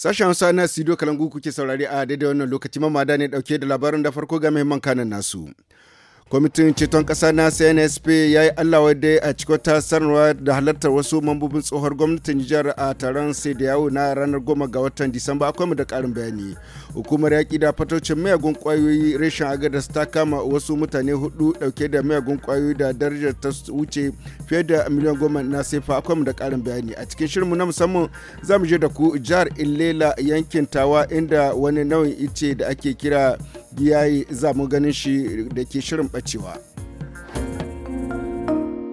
Sashen Hausa na Sido Kalangu kuke saurari a daidai wannan lokaci mamada ne dauke da labarin da farko ga muhimman kanan nasu. kwamitin ceton kasa na cnsp ya yi allah dai a cikin wata sanarwa da halartar wasu mambobin tsohon gwamnatin nijar a taron sai da yawo na ranar goma ga watan disamba akwai mu da ƙarin bayani hukumar yaƙi da fatocin miyagun ƙwayoyi reshen agadas ta kama wasu mutane hudu dauke da miyagun ƙwayoyi da darajar ta wuce fiye da miliyan goma na sefa akwai mu da ƙarin bayani a cikin shirinmu na musamman za mu je da ku jihar ilela yankin tawa inda wani nau'in ice da ake kira ya yi zamu ganin shi da ke shirin ɓacewa.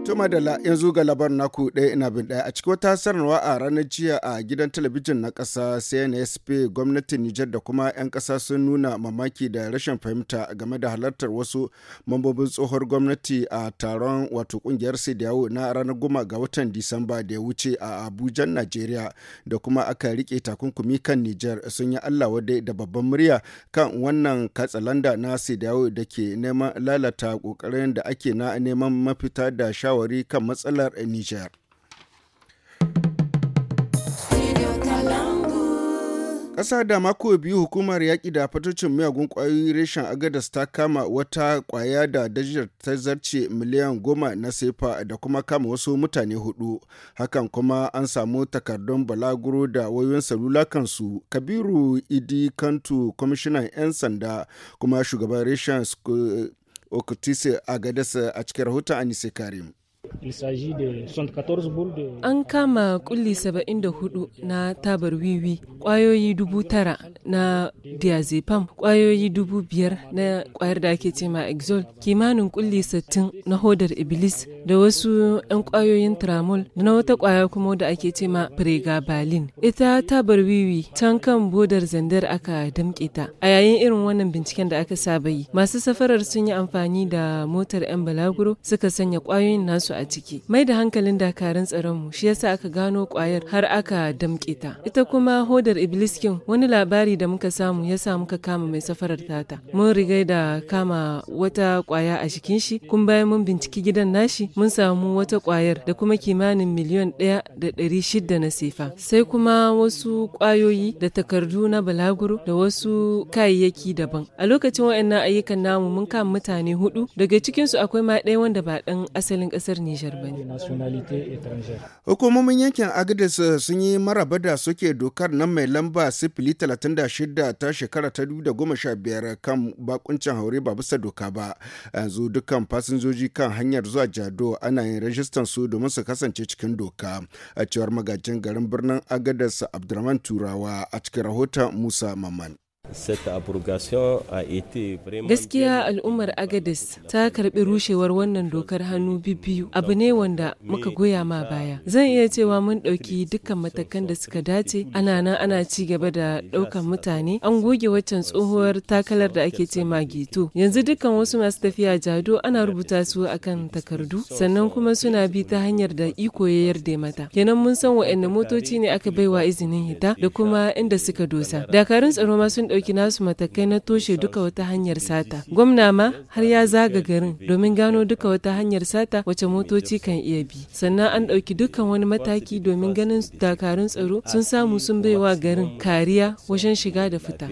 Tuma da la yanzu ga labar naku ɗaya ina bin ɗaya a cikin wata sanarwa a ranar jiya a gidan talabijin na ƙasa CNSP gwamnatin Nijar da kuma 'yan ƙasa sun nuna mamaki da rashin fahimta game da halartar wasu mambobin tsohuwar gwamnati a taron wato ƙungiyar Sidiyawo na ranar goma ga watan Disamba da ya wuce a Abuja, Najeriya da kuma aka rike takunkumi kan Nijar sun yi Allah wadai da babban murya kan wannan katsalanda na Sidiyawo da ke neman lalata ƙoƙarin da ake na neman mafita da shawar shawarwari kan matsalar Niger. Ƙasa da mako biyu hukumar yaƙi da fatocin miyagun ƙwayoyi reshen agadas ta kama wata ƙwaya da dajiyar ta zarce miliyan goma na sefa da kuma kama wasu mutane hudu. Hakan kuma an samu takardun balaguro da wayoyin salula kansu. Kabiru Idi Kantu, kwamishinan 'yan sanda kuma shugaban reshen Okutise Agadas a cikin rahoton Anise Karim. An kama kulli 74 na tabar wiwi, kwayoyi dubu tara na diazepam, kwayoyi dubu biyar na kwayar da ake cema exol, kimanin kulli 60 na hodar iblis da wasu 'yan kwayoyin tramol da na wata kwaya kuma da ake cema pregabalin. Ita tabar wiwi can kan bodar zandar aka damƙe ta. A yayin irin wannan binciken da aka saba yi, masu safarar sun yi amfani da motar 'yan balaguro suka sanya kwayoyin nasu a ciki mai da hankalin dakarun tsaronmu shi yasa aka gano kwayar har aka damƙe ta ita kuma hodar ibliskin wani labari da muka samu ya sa muka kama mai safarar tata mun riga da kama wata kwaya a jikin shi kun bayan mun binciki gidan nashi mun samu wata kwayar da kuma kimanin miliyon ɗaya da ɗari shida na sefa sai kuma wasu kwayoyi da takardu na balaguro da wasu kayayyaki daban a lokacin wayannan ayyukan namu mun kama mutane hudu daga cikinsu akwai ma ɗaya wanda ba ɗan asalin ƙasar ne? Nijar ba ne. Hukumomin yankin Agadis eh, sun yi maraba da suke dokar nan mai lamba sifili 36 ta shekara ta 2015 kan bakuncin haure ba bisa doka ba. Yanzu dukkan fasinjoji kan hanyar zuwa Jado ana yin rajistan su domin su kasance cikin doka. A cewar magajin garin birnin Agadis Abdurrahman Turawa a cikin rahoton Musa Maman. Gaskiya al'ummar Agadis ta karbi rushewar wannan dokar hannu biyu abu ne wanda muka goya ma baya. Zan iya cewa mun ɗauki dukkan matakan da suka dace ana nan ana ci gaba da ɗaukan mutane an goge waccan tsohuwar takalar da ake ce ma geto. Yanzu dukkan wasu masu tafiya jado ana rubuta su akan takardu sannan kuma suna bi ta hanyar da iko ya yarda mata. Kenan mun san wa'anne motoci ne aka baiwa izinin hita da kuma inda suka dosa. Dakarun tsaro ma sun ɗauki nasu matakai na toshe duka wata hanyar sata. Gwamna ma har ya zaga garin domin gano duka wata hanyar sata wace motoci kan iya bi. Sannan an ɗauki dukkan wani mataki domin ganin dakarun tsaro sun samu sun baiwa garin kariya wajen shiga da fita.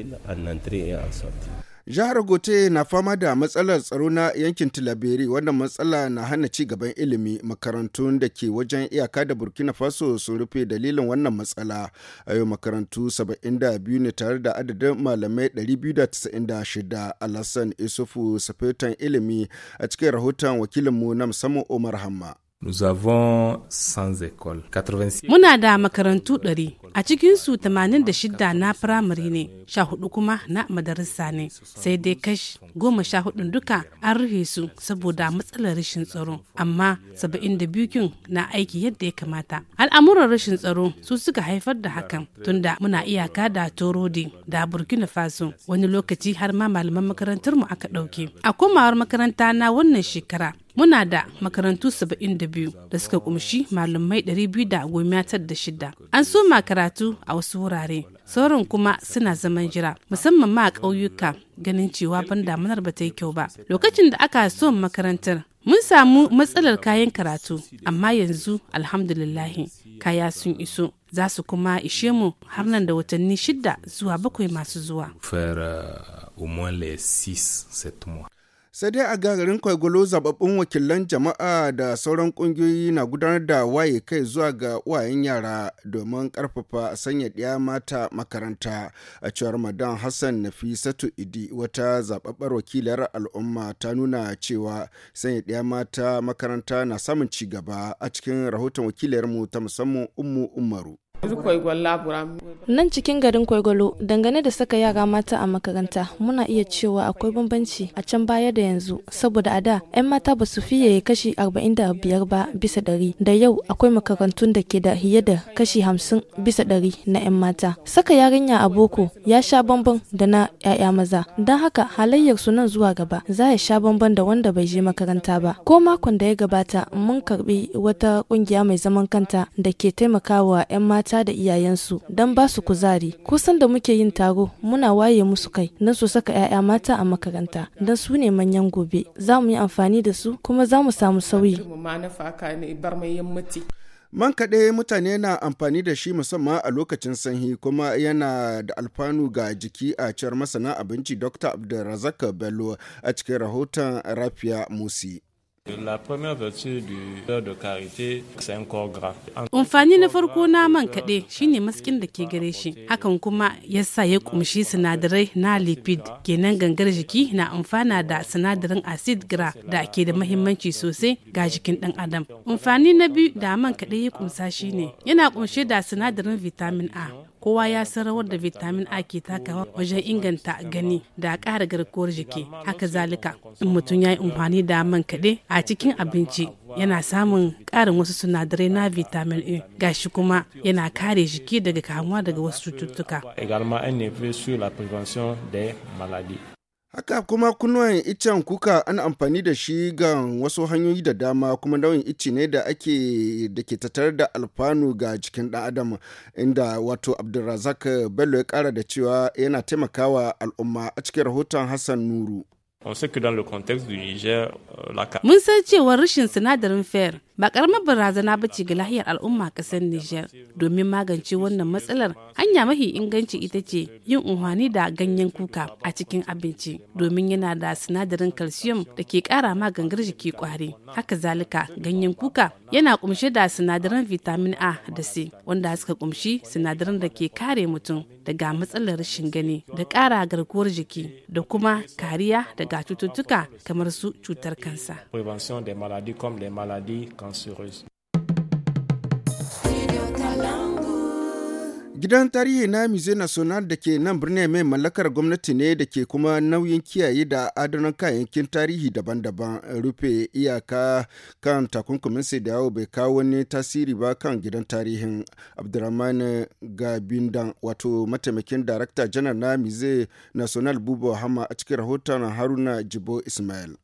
Jihar Gote na fama da matsalar tsaro na yankin Tilaberi wannan matsala na hana ci gaban ilimi makarantun da ke wajen iyaka da Burkina Faso su rufe dalilin wannan matsala. A yau makarantu 72 ne tare da adadin malamai 296 Alassan Isufu Safetan ilimi a cikin rahoton wakilinmu na musamman Omar Hamma. Nous avons sans école. 86... Muna da makarantu 100, a cikinsu 86 na firamare ne, 14 kuma na madarasa ne, sai dai kash 14 duka an rufe su saboda matsalar rashin tsaro, amma 72 kin na aiki yadda ya kamata. Al'amuran rashin tsaro su suka haifar da hakan, tunda muna iyaka da Torodi da Burkina Faso, wani lokaci har ma malaman makarantar mu aka ɗauke. A komawar makaranta na wannan shekara, muna da makarantu 72 da suka kumshi malamai shida an soma karatu a wasu wurare sauran kuma suna zaman jira musamman ma a ƙauyuka ganin cewa ban damunar ba ta yi kyau ba lokacin da aka so makarantar mun samu matsalar kayan karatu amma yanzu alhamdulillahi kaya sun iso za su kuma ishe mu har nan da watanni shida zuwa bakwai masu zuwa euh, sai dai a gagarin kwaigolo zababbun wakilan jama'a da sauran kungiyoyi na gudanar da waye kai zuwa ga wayan yara domin karfafa sanya ɗaya mata makaranta a cewar madan hassan nafisatu idi wata zababbar wakilar al'umma ta nuna cewa sanya ɗaya mata makaranta na samun ci gaba a cikin rahoton wakilarmu ta musamman ummu umaru Nan cikin garin Kwaigwalo dangane da saka yara mata a makaranta muna iya cewa akwai bambanci a can baya da yanzu saboda a da 'yan mata ba su fiye kashi 45 ba bisa ɗari da yau akwai makarantun da ke da fiye da kashi 50 bisa ɗari na 'yan mata. Saka yarinya a boko ya sha bambam da na 'ya'ya maza don haka halayyar su nan zuwa gaba za ya sha bambam da wanda bai je makaranta ba. Ko makon da ya gabata mun karbi wata kungiya mai zaman kanta da ke taimakawa 'yan mata wasa da iyayensu don ba su kuzari kusan da muke yin taro muna waye musu kai don su saka 'ya'ya mata a makaranta don su ne manyan gobe za mu yi amfani da su kuma za mu samu sauyi Man kaɗe mutane na amfani da shi musamman a lokacin sanyi kuma yana da alfanu ga jiki a ciyar masana abinci Dr. Abdulrazak Bello a cikin rahoton Rafiya Musi. La première vertu du cœur de carité, c'est un corps gras. Amfani na farko na man kaɗe shine maskin da ke gare shi, hakan kuma yasa ya kumshi sinadarai na lipid kenan gangar jiki na amfana da sinadarin acid gra da ke da mahimmanci sosai ga jikin ɗan adam. Amfani na biyu da man kaɗe ya kumsa shine yana kumshe da sinadarin vitamin A kowa ya san rawar da vitamin A ke takawa wajen inganta gani da ƙara garkuwar jiki haka zalika in mutum ya yi amfani da man kaɗe a cikin abinci yana samun ƙarin wasu sinadarai na vitamin A gashi kuma yana kare jiki daga kamuwa daga wasu cututtuka. Haka kuma kunnuwan icen kuka ana amfani da shi ga wasu hanyoyi da dama kuma nauyin ice ne da ake da ke tattare da alfanu ga jikin ɗan adam inda wato Abdulrazak Bello ya kara da cewa yana taimakawa al'umma a cikin rahoton Hassan Nuru. Euh, Mun san cewa rashin sinadarin fer ba karamar barazana ba ce ga lahiyar al'umma kasar niger domin magance wannan matsalar hanya mafi inganci ita ce yin unhwani da ganyen kuka a cikin abinci domin yana da sinadarin calcium da ke kara ma gangar jiki kwari haka zalika ganyen kuka yana kumshe da sinadarin vitamin a da c wanda suka kumshi sinadarin da ke kare mutum daga matsalar rashin gani da kara garkuwar jiki da kuma kariya daga cututtuka kamar su cutar kansa. Gidan tarihi na Musée National da ke nan birnin mai mallakar gwamnati ne da ke kuma nauyin kiyaye da adanan kayayyakin tarihi daban-daban rufe iyaka kan takunkumin sai da yawo bai kawo wani tasiri ba kan gidan tarihin Abdurrahman Gabindan wato mataimakin director janar na Musée National Buba Hama a cikin rahoton Haruna Jibo Ismail.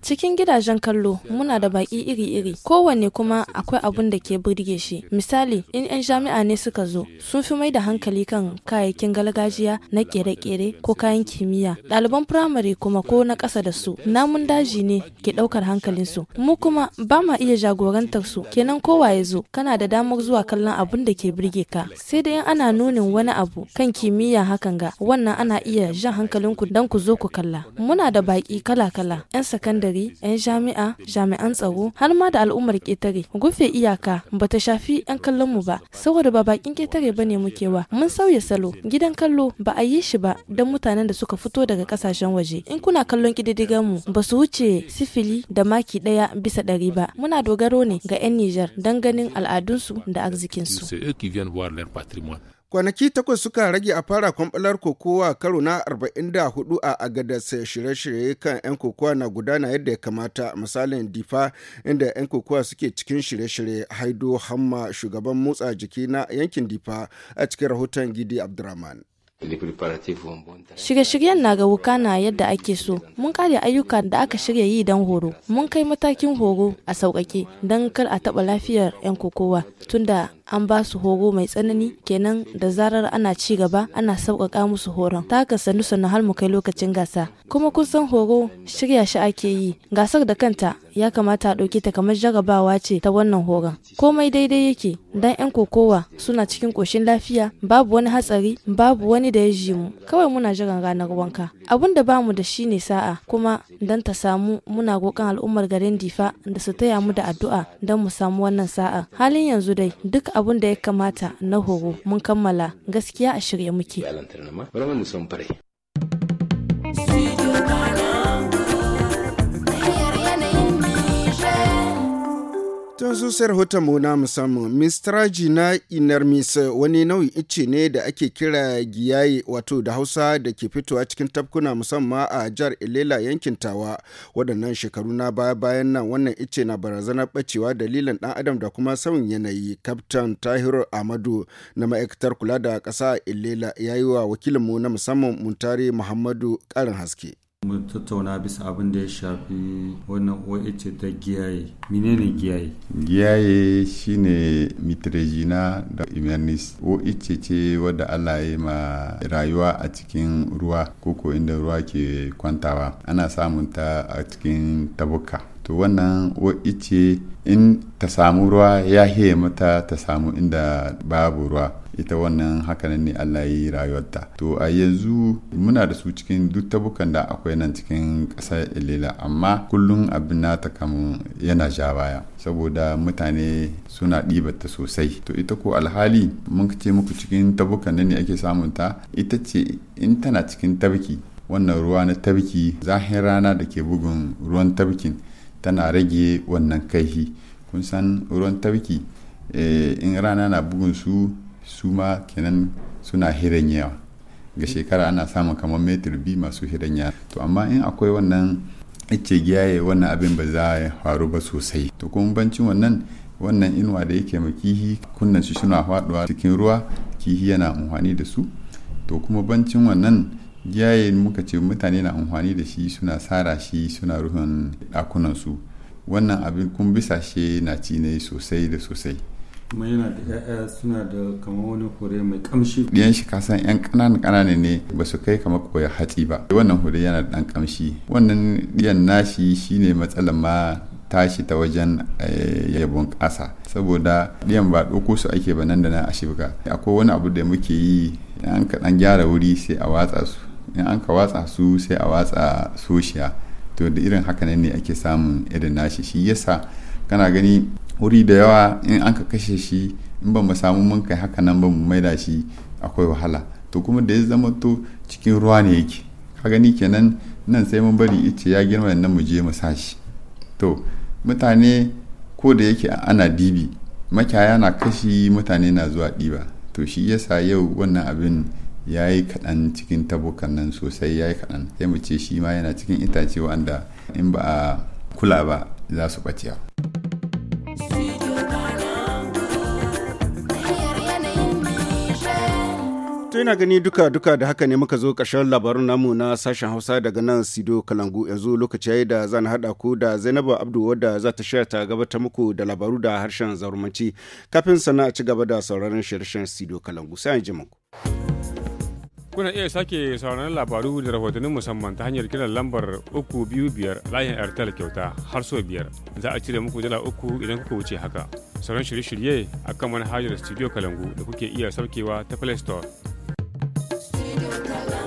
Cikin gidajen kallo muna da baƙi iri-iri, kowanne kuma akwai abun da ke burge shi. Misali, in 'yan jami'a ne suka zo, sun fi mai da hankali kan kayayyakin gargajiya na kere-kere ko kayan kimiyya. Ɗaliban firamare kuma ko na ƙasa da su, namun daji ne ke ɗaukar hankalinsu. Mu kuma ba ma iya jagorantar su, kenan kowa ya zo, kana da damar zuwa kallon abun da ke burge ka. Sai da in ana nunin wani abu kan kimiyya hakan ga, wannan ana iya jan hankalinku don ku zo ku kalla. Muna da baƙi kala-kala 'yan sakandare 'yan jami'a jami'an tsaro har ma da al'ummar ƙetare rufe iyaka ba ta shafi 'yan kallon mu ba saboda ba bakin ketare ba ne muke wa mun sauya salo gidan kallo ba a yi shi ba don mutanen da suka fito daga kasashen waje in kuna kallon ƙididdigan mu ba su wuce sifili da maki ɗaya bisa ɗari ba muna dogaro ne ga 'yan Nijar don ganin al'adunsu da arzikinsu. Kwanaki takwas suka rage a fara kwamɓalar kokowa karo na 44 a agadas shirye-shirye kan 'yan kokowa na gudana yadda ya kamata misalin difa inda 'yan kokowa suke cikin shirye-shirye haido hamma shugaban motsa jiki na yankin difa a cikin rahoton gidi abdurrahman. Shirye-shiryen na ga wukana yadda ake so. Mun kare ayyuka da aka shirya yi don horo. Mun kai matakin horo a sauƙaƙe don kar a taɓa lafiyar 'yan kokowa tunda an ba su horo mai tsanani kenan da zarar ana ci gaba ana sauƙaƙa musu horon. Ta haka sanu sannu har mu kai lokacin gasa. Kuma kun san horo shirya shi ake yi. Gasar da kanta ya kamata a ɗauke ta kamar jarabawa ce ta wannan horon. Komai daidai yake dan 'yan kokowa suna cikin koshin lafiya babu wani hatsari babu wani da ya ji mu kawai muna jiran ranar wanka. Abun da bamu da shi ne sa'a kuma dan ta samu muna roƙon al'ummar garin Difa da su taya mu da addu'a dan mu samu wannan sa'a. Halin yanzu dai duk abun da ya kamata na horo mun kammala gaskiya a shirye muke. yanzu sai rahoton mu na musamman mistraji na inermis wani nau'in ice ne da ake kira giyaye wato da hausa da ke fitowa cikin tafkuna musamman a jihar ilela yankin tawa waɗannan shekaru na baya bayan nan wannan ice na barazanar ɓacewa dalilin ɗan adam da kuma sauyin yanayi kaftan tahir amadu na ma'aikatar kula da ƙasa ilela ya yi wa wakilinmu na musamman muntari muhammadu karin haske mu tattauna bisa abin da ya shafi wannan oh ta giyaye menene giyaye giyaye shine mitrejina da imanis oh ce wadda allah ya ma rayuwa a cikin ruwa koko inda ruwa ke kwantawa ana samun ta a cikin tabuka to wannan oh in ta samu ruwa ya mata ta samu inda babu ruwa ita wannan hakanan ne Allah ya yi rayuwarta to a yanzu muna da su cikin duk tabukan da akwai nan cikin ƙasar Ilela amma kullum abin nata kam yana ja baya saboda mutane suna ɗibata sosai to ita ko alhali mun ce muku cikin tabukan da ne ake samun ta ita ce in tana cikin tabki wannan ruwa na tabki zahin rana da ke bugun ruwan tabkin tana rage wannan kaihi kun san ruwan tabki eh, in rana na bugun su su ma kenan suna hirin ga shekara ana samun kamar metir biyu masu hirin to amma in akwai wannan ice giyaye wannan abin ba za ya faru ba sosai to kuma bancin wannan wannan inuwa da yake mai kihi kunnan shi suna faduwa cikin ruwa kihi yana amfani da su to kuma bancin wannan giyaye muka ce mutane na amfani da shi suna sara shi suna ruhun ɗakunansu su wannan abin kun bisa shi na ci ne sosai da sosai kuma yana da ya'ya suna da kamar wani hure mai kamshi ɗiyan shi kasan yan ƙananan ƙanana ne ba su kai kamar koya hatsi ba wannan hure yana da ɗan kamshi wannan ɗiyan nashi shine matsalar ma tashi ta wajen eh, yabon ƙasa saboda ɗiyan ba ɗauko su ake ba nan da nan a shibga akwai wani abu da muke yi an kaɗan gyara wuri sai a watsa su in an ka watsa su sai a watsa soshiya to da irin haka ne ake samun irin nashi shi yasa kana gani wuri da yawa in an ka kashe shi in ba mu samu mun kai haka nan ba mu maida shi akwai wahala to kuma da ya zama to cikin ruwa ne yake ka gani kenan nan sai mun bari ice ya girma nan mu je mu sashi to mutane ko da yake ana dibi makiyaya na kashi mutane na zuwa diba to shi yasa yau wannan abin ya yi kaɗan cikin tabukan nan sosai ya yi kaɗan sai mu ce shi ma yana cikin itace wanda in ba a kula ba za su ɓace. ina gani duka duka da haka ne muka zo ƙarshen labarun namu na sashen Hausa daga nan Sido Kalangu yanzu lokaci yi da zan haɗa ku da Zainabu Abdu wadda za ta shirya ta gabata muku da labaru da harshen zarumanci kafin sana a ci gaba da sauraron shirye Sido Kalangu sai an ji muku. Kuna iya sake sauraron labaru da rahotannin musamman ta hanyar kiran lambar 325 layin Airtel kyauta har so biyar za a cire muku dala uku idan kuka wuce haka. Sauran shirye-shirye a kan manhajar Studio Kalangu da kuke iya saukewa ta Play Store Coca-Cola.